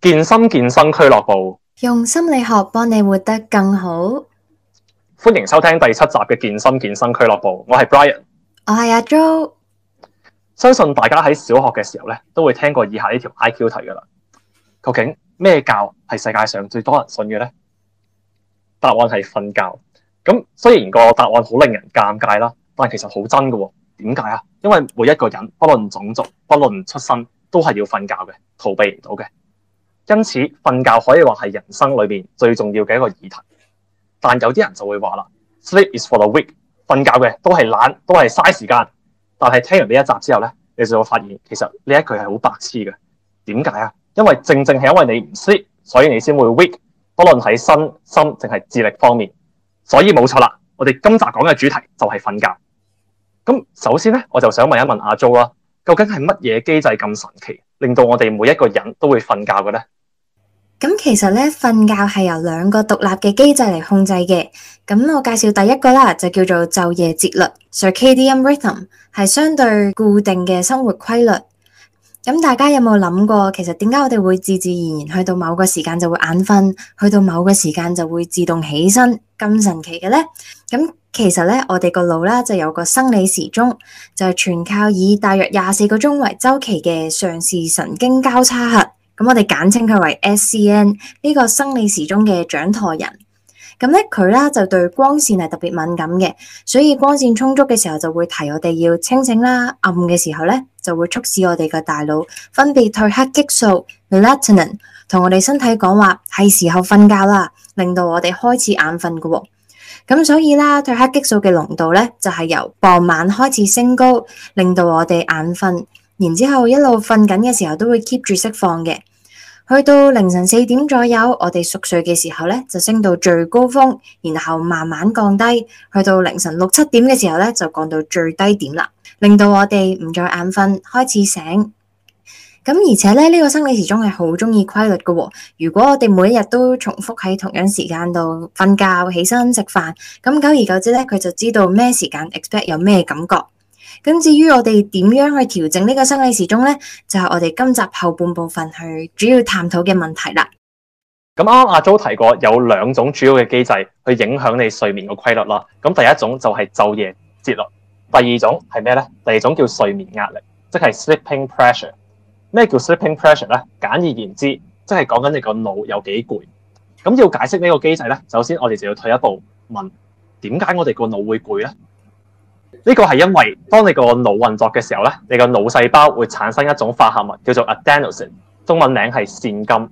健身健身俱樂部，用心理學幫你活得更好。歡迎收聽第七集嘅健身健身俱樂部，我係 Brian，我係阿 Joe。相信大家喺小學嘅時候咧都會聽過以下呢條 IQ 題噶啦。究竟咩教係世界上最多人信嘅咧？答案係瞓覺。咁雖然個答案好令人尷尬啦，但其實好真噶喎。點解啊？因為每一個人，不論種族、不論出身，都係要瞓覺嘅，逃避唔到嘅。因此，瞓覺可以話係人生裏面最重要嘅一個議題。但有啲人就會話啦：Sleep is for the weak，瞓覺嘅都係懶，都係嘥時間。但係聽完呢一集之後呢，你就會發現其實呢一句係好白痴嘅。點解啊？因為正正係因為你唔 sleep，所以你先會 weak。不論喺身心定係智力方面，所以冇錯啦。我哋今集講嘅主題就係瞓覺。咁首先呢，我就想問一問阿 Joe 啦，究竟係乜嘢機制咁神奇，令到我哋每一個人都會瞓覺嘅呢？咁其實咧，瞓覺係由兩個獨立嘅機制嚟控制嘅。咁我介紹第一個啦，就叫做晝夜節律 （circadian rhythm），係相對固定嘅生活規律。咁大家有冇諗過，其實點解我哋會自自然然去到某個時間就會眼瞓，去到某個時間就會自動起身？咁神奇嘅咧？咁其實咧，我哋個腦啦就有個生理時鐘，就係、是、全靠以大約廿四個鐘為周期嘅上視神經交叉核。咁我哋簡稱佢為 SCN，呢個生理時鐘嘅掌舵人。咁咧佢咧就對光線係特別敏感嘅，所以光線充足嘅時候就會提我哋要清醒啦，暗嘅時候呢就會促使我哋嘅大腦分泌褪黑激素 melatonin 同我哋身體講話係時候瞓覺啦，令到我哋開始眼瞓嘅喎。咁、嗯、所以咧褪黑激素嘅濃度呢，就係、是、由傍晚開始升高，令到我哋眼瞓。然之後一路瞓緊嘅時候都會 keep 住釋放嘅，去到凌晨四點左右，我哋熟睡嘅時候咧就升到最高峰，然後慢慢降低，去到凌晨六七點嘅時候咧就降到最低點啦，令到我哋唔再眼瞓，開始醒。咁而且咧呢、呢個生理時鐘係好中意規律噶、哦。如果我哋每一日都重複喺同樣時間度瞓覺、起身、食飯，咁久而久之呢，佢就知道咩時間 expect 有咩感覺。咁至於我哋點樣去調整呢個生理時鐘呢？就係我哋今集後半部分去主要探討嘅問題啦。咁啱啱阿祖都提過，有兩種主要嘅機制去影響你睡眠嘅規律啦。咁第一種就係晝夜節律，第二種係咩呢？第二種叫睡眠壓力，即係 sleeping pressure。咩叫 sleeping pressure 呢？簡而言之，即係講緊你個腦有幾攰。咁要解釋呢個機制呢，首先我哋就要退一步問，點解我哋個腦會攰呢？呢個係因為當你個腦運作嘅時候咧，你個腦細胞會產生一種化合物叫做 adenosine，中文名係腺苷。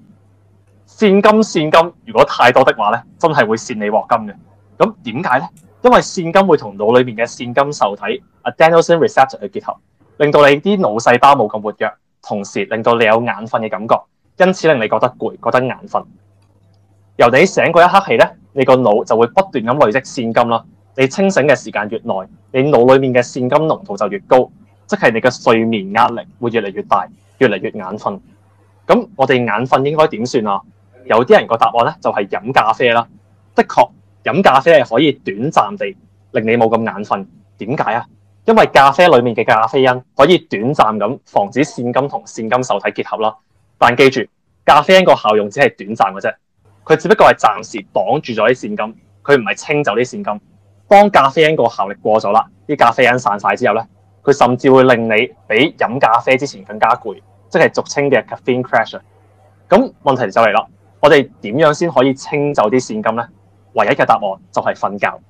腺苷腺苷，如果太多的話咧，真係會腺你臥金嘅。咁點解咧？因為腺苷會同腦裏面嘅腺苷受體 adenosine receptor 去結合，令到你啲腦細胞冇咁活躍，同時令到你有眼瞓嘅感覺，因此令你覺得攰，覺得眼瞓。由你醒嗰一刻起咧，你個腦就會不斷咁累積腺苷啦。你清醒嘅時間越耐，你腦裏面嘅腺苷濃度就越高，即係你嘅睡眠壓力會越嚟越大，越嚟越眼瞓。咁我哋眼瞓應該點算啊？有啲人個答案咧就係飲咖啡啦。的確飲咖啡係可以短暫地令你冇咁眼瞓。點解啊？因為咖啡裡面嘅咖啡因可以短暫咁防止腺苷同腺苷受體結合啦。但記住咖啡因個效用只係短暫嘅啫，佢只不過係暫時擋住咗啲腺苷，佢唔係清走啲腺苷。當咖啡因個效力過咗啦，啲咖啡因散晒之後咧，佢甚至會令你比飲咖啡之前更加攰，即係俗稱嘅 caffeine crash、er。咁、嗯、問題就嚟啦，我哋點樣先可以清走啲線金咧？唯一嘅答案就係瞓覺。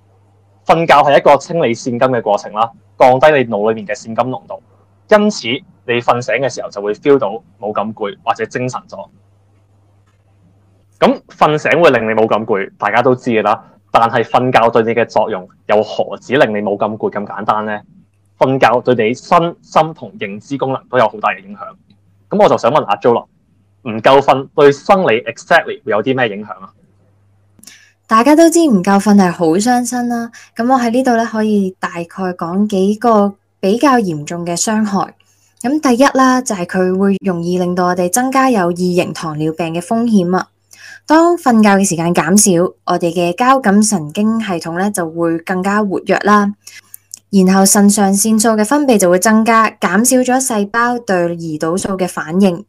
瞓覺係一個清理線金嘅過程啦，降低你腦裏面嘅線金濃度，因此你瞓醒嘅時候就會 feel 到冇咁攰或者精神咗。咁、嗯、瞓醒會令你冇咁攰，大家都知嘅啦。但係瞓覺對你嘅作用又何止令你冇咁攰咁簡單呢？瞓覺對你身心同認知功能都有好大嘅影響。咁我就想問阿 Joanne，唔夠瞓對生理 exactly 會有啲咩影響啊？大家都知唔夠瞓係好傷身啦。咁我喺呢度咧可以大概講幾個比較嚴重嘅傷害。咁第一啦，就係、是、佢會容易令到我哋增加有二型糖尿病嘅風險啊。當瞓覺嘅時間減少，我哋嘅交感神經系統就會更加活躍啦。然後腎上腺素嘅分泌就會增加，減少咗細胞對胰島素嘅反應。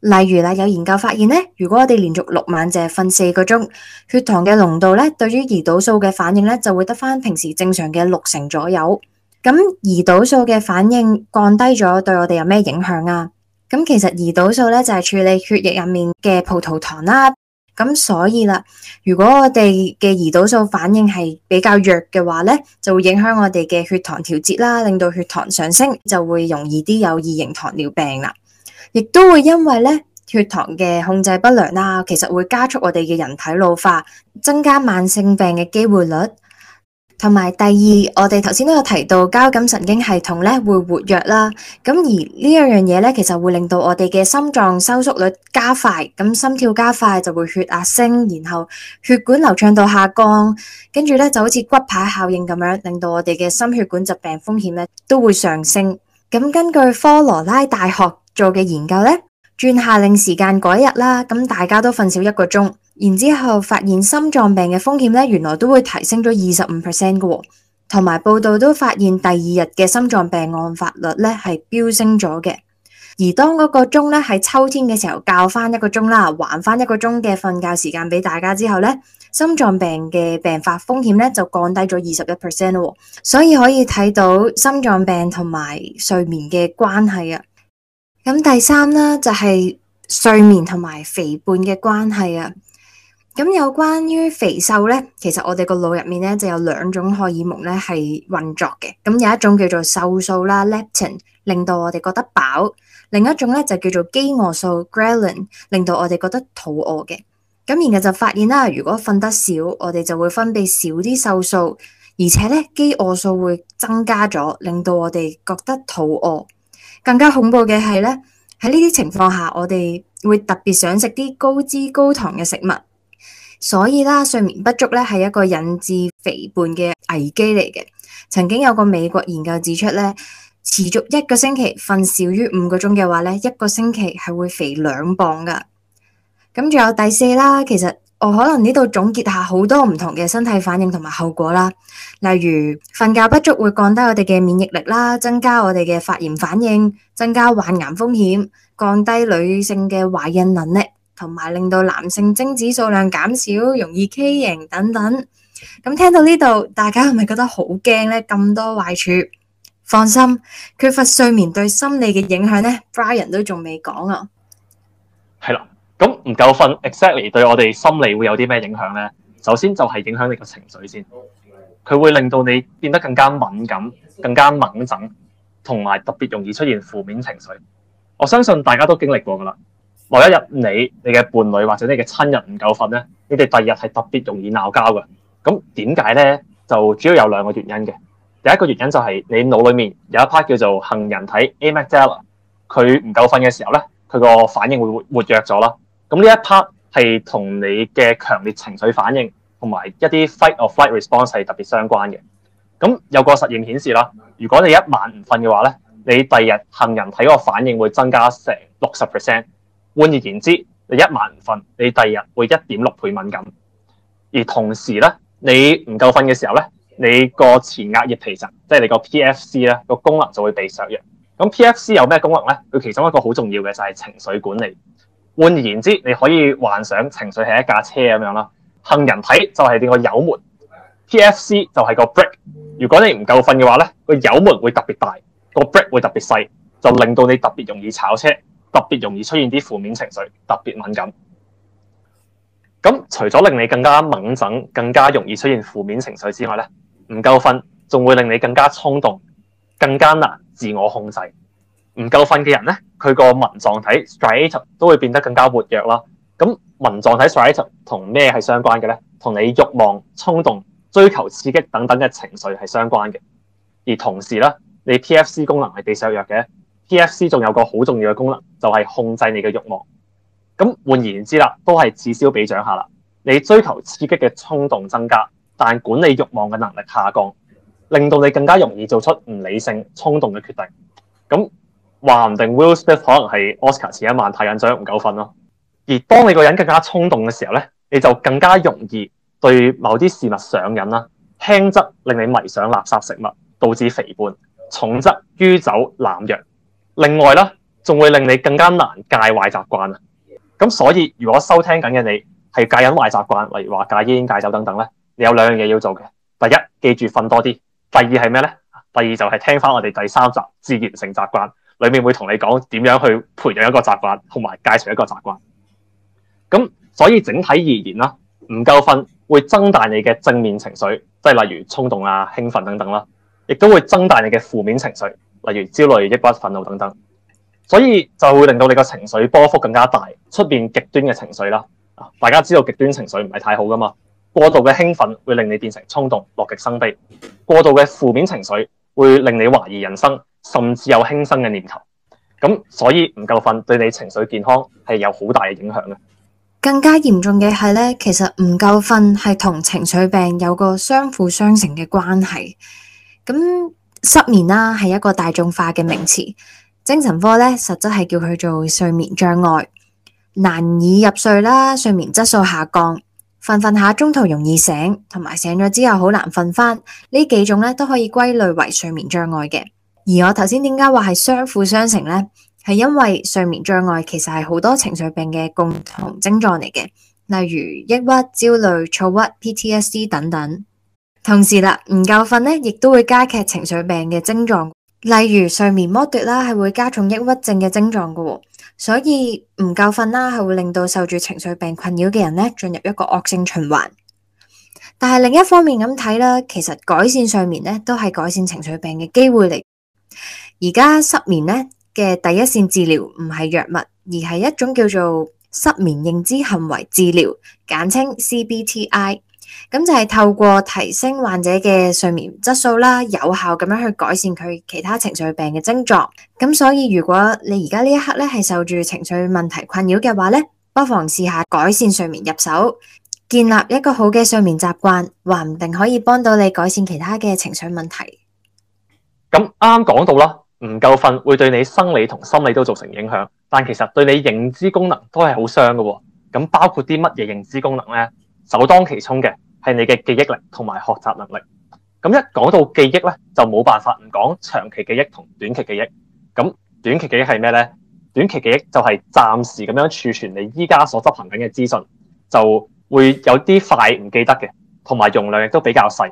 例如，有研究發現，如果我哋連續六晚淨係瞓四個鐘，血糖嘅濃度咧對於胰島素嘅反應就會得翻平時正常嘅六成左右。咁胰島素嘅反應降低咗，對我哋有咩影響啊？咁其實胰島素咧就係、是、處理血液入面嘅葡萄糖啦。咁所以啦，如果我哋嘅胰島素反應係比較弱嘅話咧，就會影響我哋嘅血糖調節啦，令到血糖上升，就會容易啲有二型糖尿病啦。亦都會因為呢血糖嘅控制不良啦，其實會加速我哋嘅人體老化，增加慢性病嘅機會率。同埋第二，我哋頭先都有提到交感神經系統咧會活躍啦，咁而呢樣樣嘢呢，其實會令到我哋嘅心臟收縮率加快，咁心跳加快就會血壓升，然後血管流暢度下降，跟住呢，就好似骨牌效應咁樣，令到我哋嘅心血管疾病風險咧都會上升。咁根據科羅拉大學做嘅研究呢，轉夏令時間嗰日啦，咁大家都瞓少一個鐘。然之後發現心臟病嘅風險原來都會提升咗二十五 p e r，同埋報道都發現第二日嘅心臟病案發率咧係飆升咗嘅。而當嗰個鐘咧喺秋天嘅時候，教翻一個鐘啦，還翻一個鐘嘅瞓覺時間俾大家之後呢，心臟病嘅病發風險咧就降低咗二十一 p e，所以可以睇到心臟病同埋睡眠嘅關係啊。咁第三呢，就係、是、睡眠同埋肥胖嘅關係啊。咁有關於肥瘦呢，其實我哋個腦入面呢就有兩種荷爾蒙呢係運作嘅。咁有一種叫做瘦素啦 （leptin），令到我哋覺得飽；另一種呢就叫做飢餓素 （ghrelin），令到我哋覺得肚餓嘅。咁，然後就發現啦，如果瞓得少，我哋就會分泌少啲瘦素，而且呢，飢餓素會增加咗，令到我哋覺得肚餓。更加恐怖嘅係呢，喺呢啲情況下，我哋會特別想食啲高脂高糖嘅食物。所以啦，睡眠不足呢係一個引致肥胖嘅危機嚟嘅。曾經有個美國研究指出呢，持續一個星期瞓少於五個鐘嘅話呢，一個星期係會肥兩磅㗎。咁仲有第四啦，其實我可能呢度總結下好多唔同嘅身體反應同埋後果啦。例如，瞓覺不足會降低我哋嘅免疫力啦，增加我哋嘅發炎反應，增加患癌風險，降低女性嘅懷孕能力。同埋令到男性精子數量減少、容易畸形等等。咁聽到呢度，大家係咪覺得好驚呢？咁多壞處，放心，缺乏睡眠對心理嘅影響呢，Brian 都仲未講啊。係啦，咁唔夠瞓，exactly 對我哋心理會有啲咩影響呢？首先就係影響你嘅情緒先，佢會令到你變得更加敏感、更加敏感，同埋特別容易出現負面情緒。我相信大家都經歷過噶啦。某一日，你你嘅伴侶或者你嘅親人唔夠瞓咧，你哋第二日係特別容易鬧交嘅。咁點解咧？就主要有兩個原因嘅。第一個原因就係、是、你腦裡面有一 part 叫做杏仁體 amygdala，佢唔夠瞓嘅時候咧，佢個反應會活活躍咗啦。咁呢一 part 係同你嘅強烈情緒反應同埋一啲 fight or flight response 係特別相關嘅。咁有個實驗顯示啦，如果你一晚唔瞓嘅話咧，你第二日杏仁體嗰個反應會增加成六十 percent。換而言之，你一晚唔瞓，你第二日會一點六倍敏感。而同時咧，你唔夠瞓嘅時候咧，你個前額葉皮層，即係你個 PFC 咧個功能就會被削弱。咁 PFC 有咩功能咧？佢其中一個好重要嘅就係情緒管理。換而言之，你可以幻想情緒係一架車咁樣啦，杏仁體就係個油門，PFC 就係個 brake。如果你唔夠瞓嘅話咧，個油門會特別大，個 brake 會特別細，就令到你特別容易炒車。特別容易出現啲負面情緒，特別敏感。咁除咗令你更加敏感、更加容易出現負面情緒之外咧，唔夠瞓仲會令你更加衝動、更加難自我控制。唔夠瞓嘅人咧，佢個紋狀體 striatum 都會變得更加活躍啦。咁紋狀體 striatum 同咩係相關嘅咧？同你慾望、衝動、追求刺激等等嘅情緒係相關嘅。而同時咧，你 PFC 功能係被削弱嘅。TFC 仲有個好重要嘅功能，就係、是、控制你嘅欲望。咁換言之啦，都係此消彼長下啦。你追求刺激嘅衝動增加，但管理欲望嘅能力下降，令到你更加容易做出唔理性衝動嘅決定。咁話唔定 Will Smith 可能係 Oscar 前一晚太緊張唔夠瞓咯。而當你個人更加衝動嘅時候咧，你就更加容易對某啲事物上癮啦。輕則令你迷上垃圾食物，導致肥胖；重則酗酒、濫藥。另外咧，仲會令你更加難戒壞習慣啊！咁所以，如果收聽緊嘅你係戒緊壞習慣，例如話戒煙、戒酒等等咧，你有兩樣嘢要做嘅。第一，記住瞓多啲；第二係咩呢？第二就係聽翻我哋第三集《自然成習慣》裏面會同你講點樣去培養一個習慣，同埋戒除一個習慣。咁所以整體而言啦，唔夠瞓會增大你嘅正面情緒，即係例如衝動啊、興奮等等啦，亦都會增大你嘅負面情緒。例如焦慮、抑鬱、憤怒等等，所以就會令到你個情緒波幅更加大。出現極端嘅情緒啦，大家知道極端情緒唔係太好噶嘛。過度嘅興奮會令你變成衝動、樂極生悲；過度嘅負面情緒會令你懷疑人生，甚至有輕生嘅念頭。咁所以唔夠瞓對你情緒健康係有好大嘅影響嘅。更加嚴重嘅係咧，其實唔夠瞓係同情緒病有個相輔相成嘅關係。咁失眠啦、啊，係一個大眾化嘅名詞。精神科咧，實質係叫佢做睡眠障礙，難以入睡啦，睡眠質素下降，瞓瞓下中途容易醒，同埋醒咗之後好難瞓返，呢幾種咧都可以歸類為睡眠障礙嘅。而我頭先點解話係相輔相成呢？係因為睡眠障礙其實係好多情緒病嘅共同症狀嚟嘅，例如抑鬱、焦慮、躁鬱、PTSD 等等。同時啦，唔夠瞓咧，亦都會加劇情緒病嘅症狀，例如睡眠剝奪啦，係會加重抑鬱症嘅症狀噶，所以唔夠瞓啦，係會令到受住情緒病困擾嘅人咧進入一個惡性循環。但係另一方面咁睇啦，其實改善睡眠咧都係改善情緒病嘅機會嚟。而家失眠咧嘅第一線治療唔係藥物，而係一種叫做失眠認知行為治療，簡稱 CBTI。咁就係透過提升患者嘅睡眠質素啦，有效咁樣去改善佢其他情緒病嘅症狀。咁所以，如果你而家呢一刻呢，係受住情緒問題困擾嘅話呢，不妨試下改善睡眠入手，建立一個好嘅睡眠習慣，話唔定可以幫到你改善其他嘅情緒問題。咁啱啱講到啦，唔夠瞓會對你生理同心理都造成影響，但其實對你認知功能都係好傷㗎喎。咁包括啲乜嘢認知功能呢？首當其衝嘅係你嘅記憶力同埋學習能力。咁一講到記憶咧，就冇辦法唔講長期記憶同短期記憶。咁短期記憶係咩咧？短期記憶就係暫時咁樣儲存你依家所執行緊嘅資訊，就會有啲快唔記得嘅，同埋容量亦都比較細。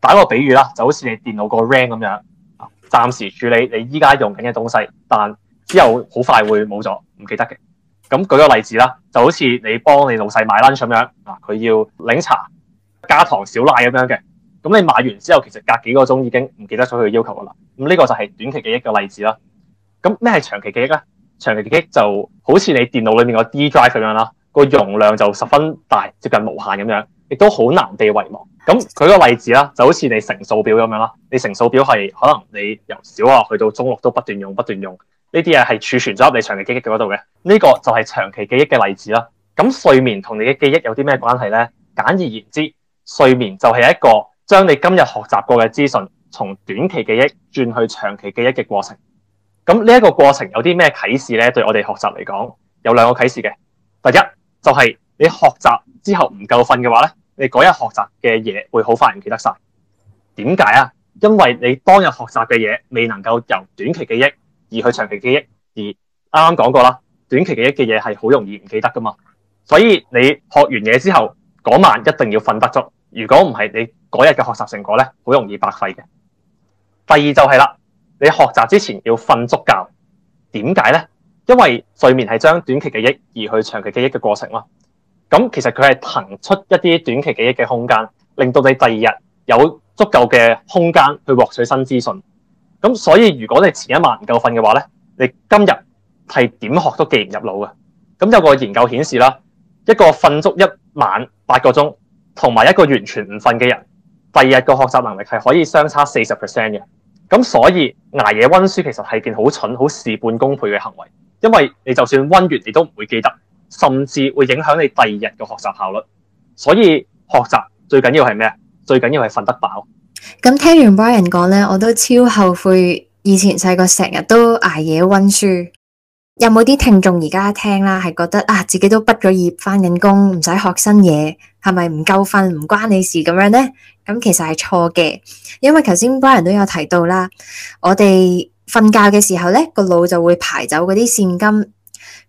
打個比喻啦，就好似你電腦個 RAM 咁樣，暫時處理你依家用緊嘅東西，但之後好快會冇咗，唔記得嘅。咁舉個例子啦，就好似你幫你老細買 lunch 咁樣，嗱，佢要檸茶加糖少奶咁樣嘅，咁你買完之後，其實隔幾個鐘已經唔記得咗佢嘅要求噶啦。咁呢個就係短期記憶嘅例子啦。咁咩係長期記憶咧？長期記憶就好似你電腦裏面個 D drive 咁樣啦，個容量就十分大，接近無限咁樣，亦都好難被遺忘。咁舉個例子啦，就好似你乘數表咁樣啦，你乘數表係可能你由小學去到中六都不斷用不斷用。不斷用呢啲嘢係儲存咗入你長期記憶嗰度嘅，呢個就係長期記憶嘅例子啦。咁睡眠同你嘅記憶有啲咩關係呢？簡而言之，睡眠就係一個將你今日學習過嘅資訊從短期記憶轉去長期記憶嘅過程。咁呢一個過程有啲咩啟示呢？對我哋學習嚟講，有兩個啟示嘅。第一就係，你學習之後唔夠瞓嘅話呢，你嗰日學習嘅嘢會好快唔記得晒。點解啊？因為你當日學習嘅嘢未能夠由短期記憶，而去長期記憶，而啱啱講過啦，短期記憶嘅嘢係好容易唔記得噶嘛，所以你學完嘢之後，嗰晚一定要瞓得足，如果唔係，你嗰日嘅學習成果咧，好容易白費嘅。第二就係啦，你學習之前要瞓足覺，點解咧？因為睡眠係將短期記憶移去長期記憶嘅過程咯。咁其實佢係騰出一啲短期記憶嘅空間，令到你第二日有足夠嘅空間去獲取新資訊。咁所以如果你前一晚唔夠瞓嘅話咧，你今日係點學都記唔入腦嘅。咁有個研究顯示啦，一個瞓足一晚八個鐘，同埋一個完全唔瞓嘅人，第二日個學習能力係可以相差四十 percent 嘅。咁所以捱夜温書其實係件好蠢、好事半功倍嘅行為，因為你就算温完你都唔會記得，甚至會影響你第二日嘅學習效率。所以學習最緊要係咩？最緊要係瞓得飽。咁聽完 Brian 講呢，我都超後悔以前細個成日都捱夜溫書。有冇啲聽眾而家聽啦，係覺得、啊、自己都畢咗業，翻緊工，唔使學新嘢，係咪唔夠瞓，唔關你事咁樣咧？咁其實係錯嘅，因為頭先 Brian 都有提到啦，我哋瞓覺嘅時候呢，個腦就會排走嗰啲腺苷，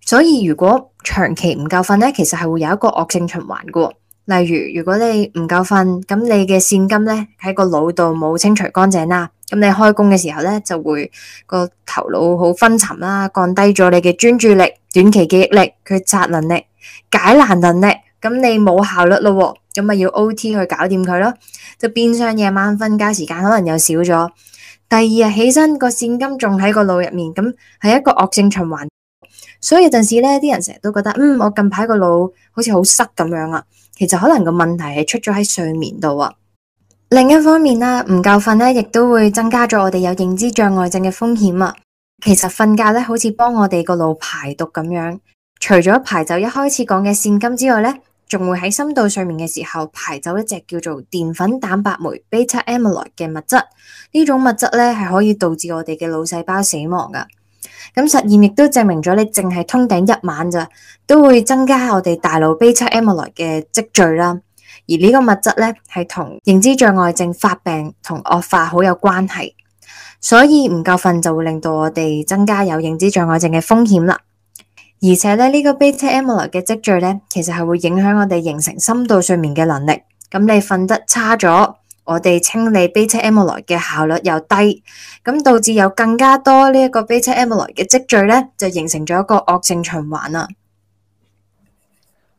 所以如果長期唔夠瞓呢，其實係會有一個惡性循環噶。例如，如果你唔夠瞓，咁你嘅腺苷咧，喺個腦度冇清除乾淨啦，咁你開工嘅時候咧，就會個頭腦好昏沉啦，降低咗你嘅專注力、短期記憶力、決策能力、解難能力，咁你冇效率咯，咁啊要 OT 去搞掂佢咯，就變相夜晚瞓覺時間可能又少咗，第二日起身個腺苷仲喺個腦入面，咁係一個惡性循環，所以有陣時咧啲人成日都覺得，嗯，我近排個腦好似好塞咁樣啊。其實可能個問題係出咗喺睡眠度啊。另一方面啦，唔夠瞓咧，亦都會增加咗我哋有認知障礙症嘅風險啊。其實瞓覺咧，好似幫我哋個腦排毒咁樣，除咗排走一開始講嘅腺苷之外咧，仲會喺深度睡眠嘅時候排走一隻叫做澱粉蛋白酶 beta amyloid 嘅物質。呢種物質咧，係可以導致我哋嘅腦細胞死亡噶。咁實驗亦都證明咗，你淨係通頂一晚咋，都會增加我哋大腦 beta amyloid 嘅積聚啦。而呢個物質咧，係同認知障礙症發病同惡化好有關係，所以唔夠瞓就會令到我哋增加有認知障礙症嘅風險啦。而且咧，呢個 beta amyloid 嘅積聚咧，其實係會影響我哋形成深度睡眠嘅能力。咁你瞓得差咗。我哋清理 beta amyloid 嘅效率又低，咁導致有更加多呢一個 beta amyloid 嘅積聚咧，就形成咗一個惡性循環啦。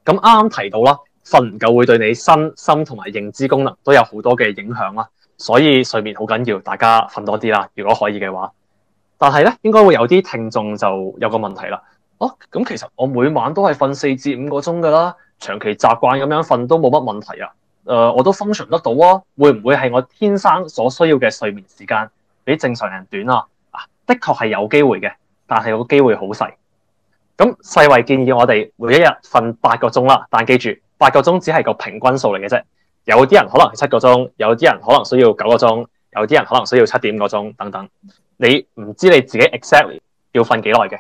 咁啱啱提到啦，瞓唔夠會對你身心同埋認知功能都有好多嘅影響啦，所以睡眠好緊要，大家瞓多啲啦，如果可以嘅話。但係咧，應該會有啲聽眾就有個問題啦。哦、啊，咁其實我每晚都係瞓四至五個鐘噶啦，長期習慣咁樣瞓都冇乜問題啊。誒、呃，我都 function 得到啊，會唔會係我天生所需要嘅睡眠時間比正常人短啊？啊，的確係有機會嘅，但係個機會好細。咁世衛建議我哋每一日瞓八個鐘啦，但係記住，八個鐘只係個平均數嚟嘅啫。有啲人可能係七個鐘，有啲人可能需要九個鐘，有啲人可能需要七點個鐘等等。你唔知你自己 exactly 要瞓幾耐嘅？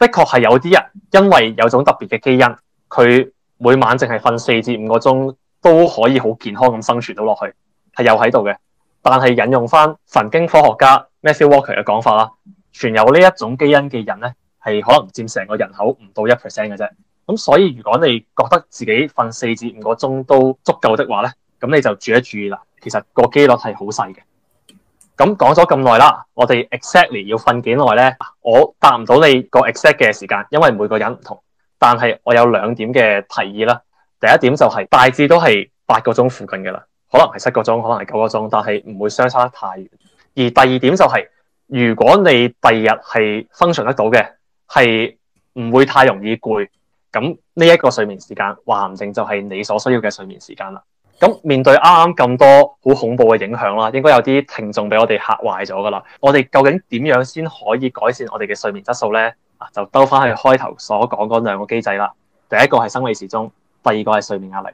的確係有啲人因為有種特別嘅基因，佢每晚淨係瞓四至五個鐘。都可以好健康咁生存到落去，係有喺度嘅。但係引用翻神經科學家 Matthew Walker 嘅講法啦，存有呢一種基因嘅人咧，係可能佔成個人口唔到一 percent 嘅啫。咁所以如果你覺得自己瞓四至五個鐘都足夠的話咧，咁你就注意一注意啦。其實個機率係好細嘅。咁講咗咁耐啦，我哋 exactly 要瞓幾耐咧？我答唔到你個 exact 嘅時間，因為每個人唔同。但係我有兩點嘅提議啦。第一點就係大致都係八個鐘附近嘅啦，可能係七個鐘，可能係九個鐘，但係唔會相差得太遠。而第二點就係、是，如果你第二日係 function 得到嘅，係唔會太容易攰，咁呢一個睡眠時間話唔定就係你所需要嘅睡眠時間啦。咁面對啱啱咁多好恐怖嘅影響啦，應該有啲聽眾俾我哋嚇壞咗㗎啦。我哋究竟點樣先可以改善我哋嘅睡眠質素呢？啊，就兜翻去開頭所講嗰兩個機制啦。第一個係生理時鐘。第二個係睡眠壓力，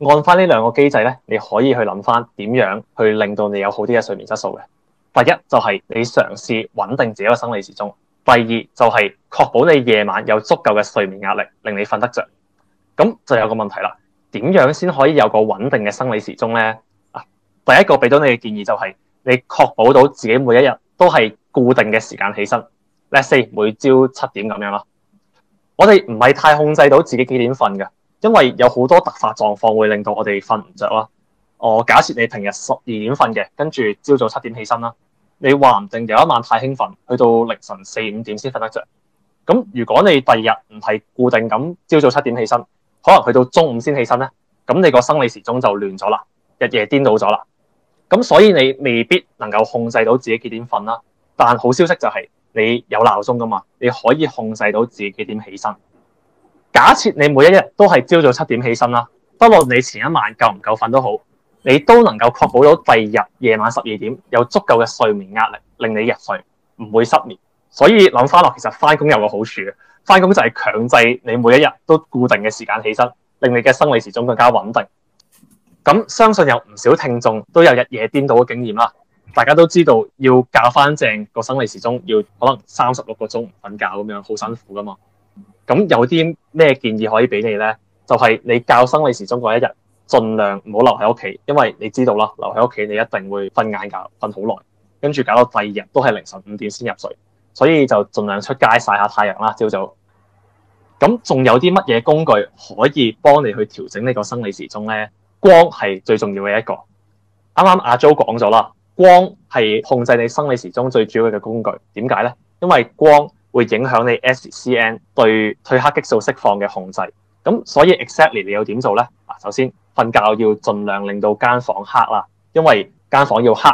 按翻呢兩個機制咧，你可以去諗翻點樣去令到你有好啲嘅睡眠質素嘅。第一就係你嘗試穩定自己嘅生理時鐘，第二就係確保你夜晚有足夠嘅睡眠壓力，令你瞓得着。咁就有個問題啦，點樣先可以有個穩定嘅生理時鐘咧？啊，第一個俾到你嘅建議就係你確保到自己每一日都係固定嘅時間起身，let’s say 每朝七點咁樣啦。我哋唔係太控制到自己幾點瞓㗎。因為有好多突發狀況會令到我哋瞓唔着啦。我、哦、假設你平日十二點瞓嘅，跟住朝早七點起身啦。你話唔定有一晚太興奮，去到凌晨四五點先瞓得着。咁如果你第二日唔係固定咁朝早七點起身，可能去到中午先起身咧，咁你個生理時鐘就亂咗啦，日夜顛倒咗啦。咁所以你未必能夠控制到自己幾點瞓啦。但好消息就係你有鬧鐘㗎嘛，你可以控制到自己幾點起身。假設你每一日都係朝早七點起身啦，不論你前一晚夠唔夠瞓都好，你都能夠確保到第二日夜晚十二點有足夠嘅睡眠壓力，令你入睡唔會失眠。所以諗翻落，其實翻工有個好處，翻工就係強制你每一日都固定嘅時間起身，令你嘅生理時鐘更加穩定。咁相信有唔少聽眾都有日夜顛倒嘅經驗啦。大家都知道要教翻正個生理時鐘，要可能三十六個鐘唔瞓覺咁樣，好辛苦噶嘛。咁有啲咩建議可以俾你呢？就係你教生理時鐘嗰一日，盡量唔好留喺屋企，因為你知道啦，留喺屋企你一定會瞓晏覺瞓好耐，跟住搞到第二日都係凌晨五點先入睡，所以就盡量出街曬下太陽啦，朝早。咁仲有啲乜嘢工具可以幫你去調整呢個生理時鐘呢？光係最重要嘅一個。啱啱阿 Jo 講咗啦，光係控制你生理時鐘最主要嘅工具。點解呢？因為光。會影響你 SCN 對褪黑激素釋放嘅控制，咁所以 exactly 你要點做呢？啊，首先瞓覺要盡量令到間房黑啦，因為間房要黑，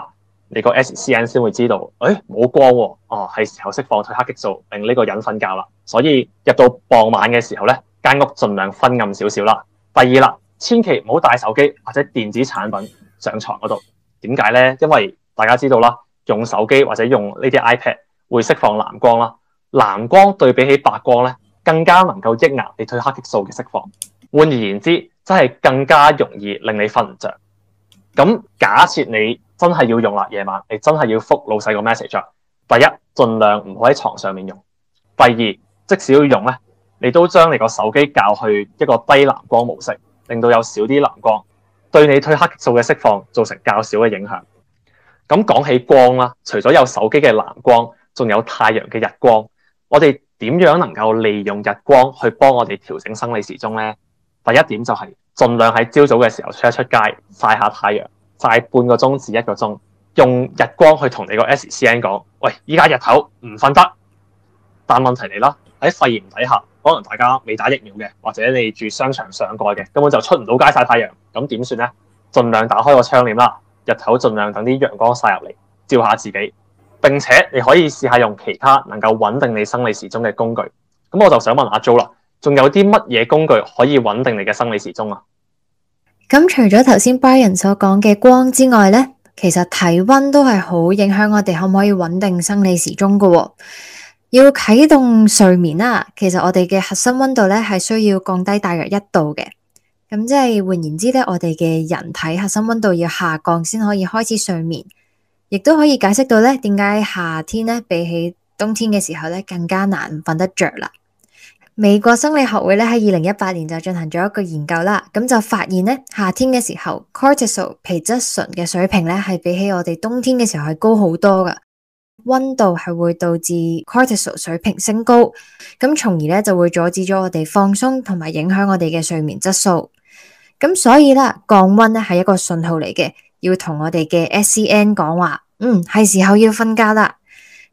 你個 SCN 先會知道，誒、哎、冇光喎，啊，哦係時候釋放褪黑激素，令呢個人瞓覺啦。所以入到傍晚嘅時候呢，間屋盡量昏暗少少啦。第二啦，千祈唔好帶手機或者電子產品上床嗰度。點解呢？因為大家知道啦，用手機或者用呢啲 iPad 會釋放藍光啦。藍光對比起白光呢，更加能夠抑壓你褪黑激素嘅釋放。換而言之，真係更加容易令你瞓唔著。咁假設你真係要用啦，夜晚你真係要覆老細個 message，第一，盡量唔好喺床上面用。第二，即使要用呢，你都將你個手機校去一個低藍光模式，令到有少啲藍光對你褪黑激素嘅釋放造成較少嘅影響。咁講起光啦，除咗有手機嘅藍光，仲有太陽嘅日光。我哋點樣能夠利用日光去幫我哋調整生理時鐘呢？第一點就係、是、盡量喺朝早嘅時候出一出街，晒下太陽，晒半個鐘至一個鐘，用日光去同你個 SCN 講：喂，依家日頭唔瞓得。但問題嚟啦，喺肺炎底下，可能大家未打疫苗嘅，或者你住商場上蓋嘅，根本就出唔到街晒太陽。咁點算呢？盡量打開個窗簾啦，日頭盡量等啲陽光晒入嚟，照下自己。並且你可以試下用其他能夠穩定你生理時鐘嘅工具。咁我就想問阿 Jo 啦，仲有啲乜嘢工具可以穩定你嘅生理時鐘啊？咁除咗頭先 Brian 所講嘅光之外呢，其實體溫都係好影響我哋可唔可以穩定生理時鐘噶喎。要啟動睡眠啦，其實我哋嘅核心温度呢係需要降低大約一度嘅。咁即係換言之呢，我哋嘅人體核心温度要下降先可以開始睡眠。亦都可以解釋到咧，點解夏天咧比起冬天嘅時候咧更加難瞓得着啦？美國生理學會咧喺二零一八年就進行咗一個研究啦，咁就發現咧夏天嘅時候，cortisol 皮質醇嘅水平咧係比起我哋冬天嘅時候係高好多噶，溫度係會導致 cortisol 水平升高，咁從而咧就會阻止咗我哋放鬆同埋影響我哋嘅睡眠質素，咁所以咧降溫咧係一個信號嚟嘅。要同我哋嘅 SCN 講話，嗯，係時候要瞓覺啦。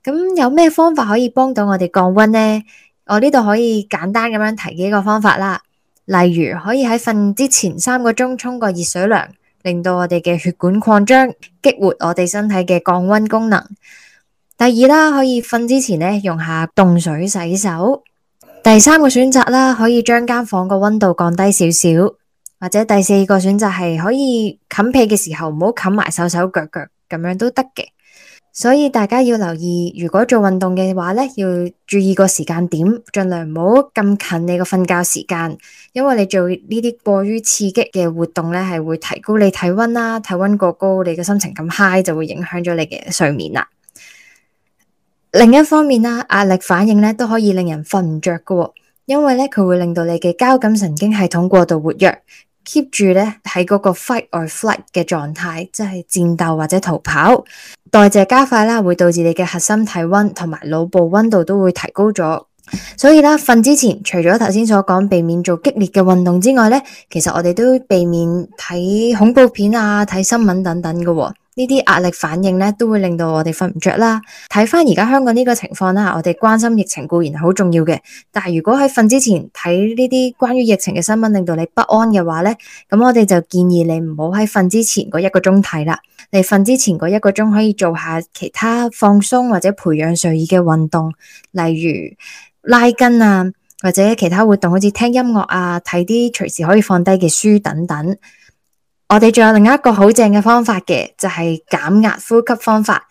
咁有咩方法可以幫到我哋降温呢？我呢度可以簡單咁樣提幾個方法啦。例如可以喺瞓之前三個鐘沖個熱水涼，令到我哋嘅血管擴張，激活我哋身體嘅降温功能。第二啦，可以瞓之前呢用下凍水洗手。第三個選擇啦，可以將間房個溫度降低少少。或者第四個選擇係可以冚被嘅時候，唔好冚埋手手腳腳，咁樣都得嘅。所以大家要留意，如果做運動嘅話咧，要注意個時間點，盡量唔好咁近你個瞓覺時間，因為你做呢啲過於刺激嘅活動咧，係會提高你體溫啦，體溫過高，你嘅心情咁嗨，就會影響咗你嘅睡眠啦。另一方面啦，壓力反應咧都可以令人瞓唔着嘅，因為咧佢會令到你嘅交感神經系統過度活躍。keep 住咧喺嗰個 fight or flight 嘅狀態，即係戰鬥或者逃跑，代謝加快啦，會導致你嘅核心體溫同埋腦部溫度都會提高咗。所以啦，瞓之前除咗頭先所講避免做激烈嘅運動之外呢，其實我哋都避免睇恐怖片啊、睇新聞等等嘅。呢啲壓力反應咧，都會令到我哋瞓唔着啦。睇返而家香港呢個情況，我哋關心疫情固然係好重要嘅，但如果喺瞓之前睇呢啲關於疫情嘅新聞，令到你不安嘅話咧，咁我哋就建議你唔好喺瞓之前嗰一個鐘睇啦。你瞓之前嗰一個鐘可以做下其他放鬆或者培養睡意嘅運動，例如拉筋啊，或者其他活動，好似聽音樂啊，睇啲隨時可以放低嘅書等等。我哋仲有另一個好正嘅方法嘅，就係減壓呼吸方法，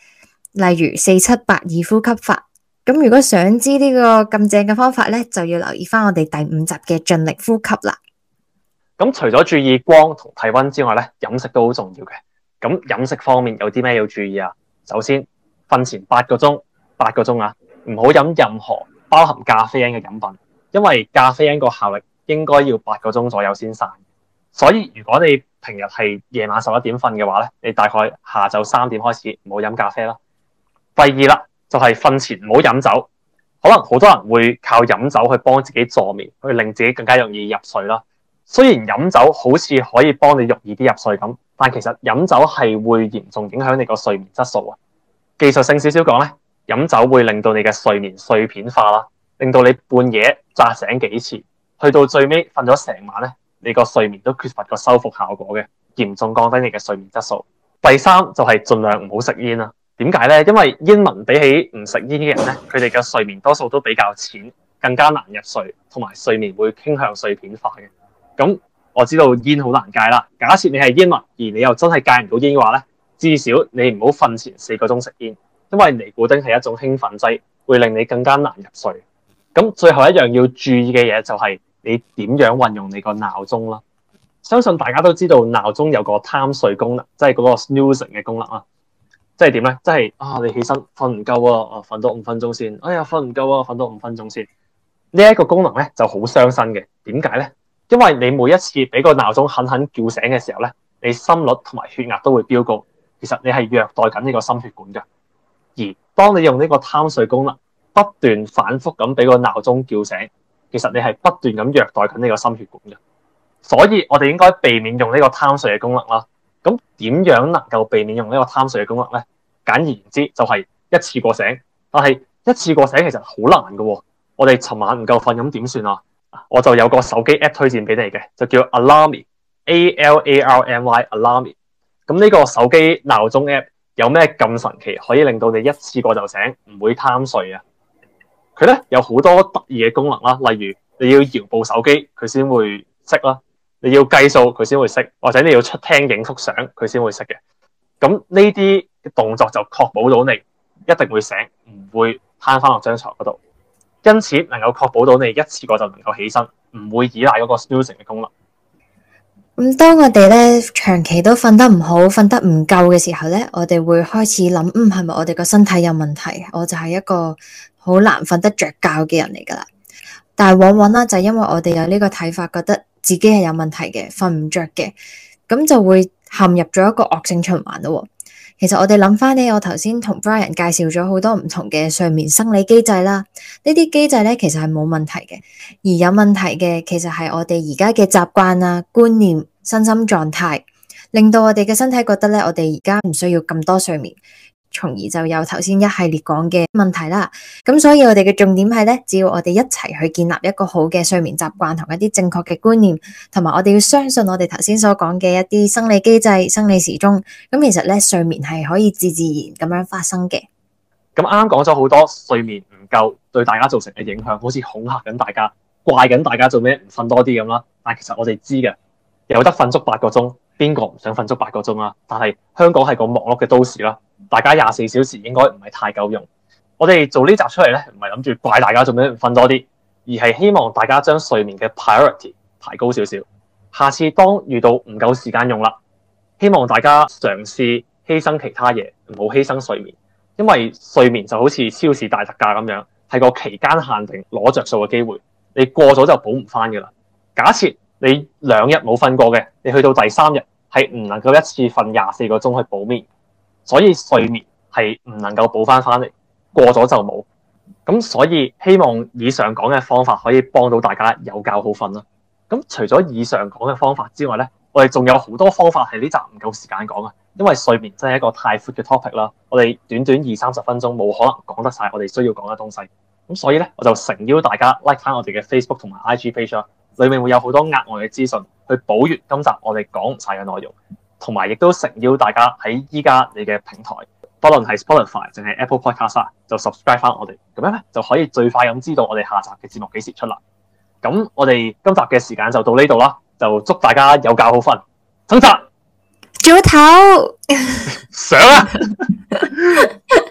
例如四七八二呼吸法。咁如果想知呢個咁正嘅方法咧，就要留意翻我哋第五集嘅盡力呼吸啦。咁除咗注意光同體溫之外咧，飲食都好重要嘅。咁飲食方面有啲咩要注意啊？首先，瞓前八個鐘，八個鐘啊，唔好飲任何包含咖啡因嘅飲品，因為咖啡因個效力應該要八個鐘左右先散。所以如果你平日係夜晚十一點瞓嘅話咧，你大概下晝三點開始唔好飲咖啡啦。第二啦，就係瞓前唔好飲酒。可能好多人會靠飲酒去幫自己助眠，去令自己更加容易入睡啦。雖然飲酒好似可以幫你容易啲入睡咁，但其實飲酒係會嚴重影響你個睡眠質素啊。技術性少少講咧，飲酒會令到你嘅睡眠碎片化啦，令到你半夜扎醒幾次，去到最尾瞓咗成晚咧。你個睡眠都缺乏個修復效果嘅，嚴重降低你嘅睡眠質素。第三就係、是、盡量唔好食煙啦。點解呢？因為煙民比起唔食煙嘅人咧，佢哋嘅睡眠多數都比較淺，更加難入睡，同埋睡眠會傾向碎片化嘅。咁我知道煙好難戒啦。假設你係煙民，而你又真係戒唔到煙嘅話咧，至少你唔好瞓前四個鐘食煙，因為尼古丁係一種興奮劑，會令你更加難入睡。咁最後一樣要注意嘅嘢就係、是。你點樣運用你個鬧鐘啦？相信大家都知道鬧鐘有個貪睡功能，即係嗰個 snoozing 嘅功能啊。即係點咧？即係啊、哦，你起身瞓唔夠啊，瞓多五分鐘先。哎呀，瞓唔夠啊，瞓多五分鐘先。呢、這、一個功能咧就好傷身嘅。點解咧？因為你每一次俾個鬧鐘狠狠叫醒嘅時候咧，你心率同埋血壓都會飆高。其實你係虐待緊呢個心血管噶。而當你用呢個貪睡功能不斷反復咁俾個鬧鐘叫醒。其實你係不斷咁虐待緊呢個心血管嘅，所以我哋應該避免用呢個貪睡嘅功能啦。咁點樣能夠避免用呢個貪睡嘅功能咧？簡而言之，就係一次過醒。但係一次過醒其實好難嘅喎。我哋尋晚唔夠瞓，咁點算啊？我就有個手機 app 推薦俾你嘅，就叫 Alarmy，A L A R M Y Alarmy，Alarmy。咁呢個手機鬧鐘 app 有咩咁神奇，可以令到你一次過就醒，唔會貪睡啊？佢咧有好多得意嘅功能啦，例如你要搖部手機，佢先會識啦；你要計數，佢先會識，或者你要出廳影幅相，佢先會識嘅。咁呢啲嘅動作就確保到你一定會醒，唔會攤翻落張床嗰度。因此，能夠確保到你一次過就能夠起身，唔會依賴嗰個 snooze 嘅功能。咁當我哋咧長期都瞓得唔好、瞓得唔夠嘅時候咧，我哋會開始諗，嗯，係咪我哋個身體有問題？我就係一個，好難瞓得着覺嘅人嚟噶啦，但係往往啦，就因為我哋有呢個睇法，覺得自己係有問題嘅，瞓唔着嘅，咁就會陷入咗一個惡性循環咯。其實我哋諗翻起，我頭先同 Brian 介紹咗好多唔同嘅睡眠生理機制啦，呢啲機制咧其實係冇問題嘅，而有問題嘅其實係我哋而家嘅習慣啊、觀念、身心狀態，令到我哋嘅身體覺得咧，我哋而家唔需要咁多睡眠。從而就有頭先一系列講嘅問題啦。咁，所以我哋嘅重點係咧，只要我哋一齊去建立一個好嘅睡眠習慣，同一啲正確嘅觀念，同埋我哋要相信我哋頭先所講嘅一啲生理機制、生理時鐘。咁其實咧，睡眠係可以自自然咁樣發生嘅。咁啱啱講咗好多睡眠唔夠對大家造成嘅影響，好似恐吓緊大家，怪緊大家做咩唔瞓多啲咁啦。但其實我哋知嘅，有得瞓足八個鐘，邊個唔想瞓足八個鐘啊？但係香港係個忙碌嘅都市啦。大家廿四小時應該唔係太夠用，我哋做呢集出嚟咧，唔係諗住怪大家做咩瞓多啲，而係希望大家將睡眠嘅 priority 提高少少。下次當遇到唔夠時間用啦，希望大家嘗試犧牲其他嘢，唔好犧牲睡眠，因為睡眠就好似超市大特價咁樣，係個期間限定攞着數嘅機會，你過咗就補唔翻㗎啦。假設你兩日冇瞓過嘅，你去到第三日係唔能夠一次瞓廿四個鐘去補眠。所以睡眠係唔能夠補翻翻嚟，過咗就冇。咁所以希望以上講嘅方法可以幫到大家有教好瞓咯。咁除咗以上講嘅方法之外咧，我哋仲有好多方法係呢集唔夠時間講啊。因為睡眠真係一個太闊嘅 topic 啦，我哋短短二三十分鐘冇可能講得晒我哋需要講嘅東西。咁所以咧，我就誠邀大家 like 翻我哋嘅 Facebook 同埋 IG page，裏面會有好多額外嘅資訊去補完今集我哋講唔晒嘅內容。同埋，亦都誠邀大家喺依家你嘅平台，不論係 Spotify 定係 Apple Podcast 啊，就 subscribe 翻我哋咁樣咧，就可以最快咁知道我哋下集嘅節目幾時出啦。咁我哋今集嘅時間就到呢度啦，就祝大家有教好瞓，等集早唞上， 上啊！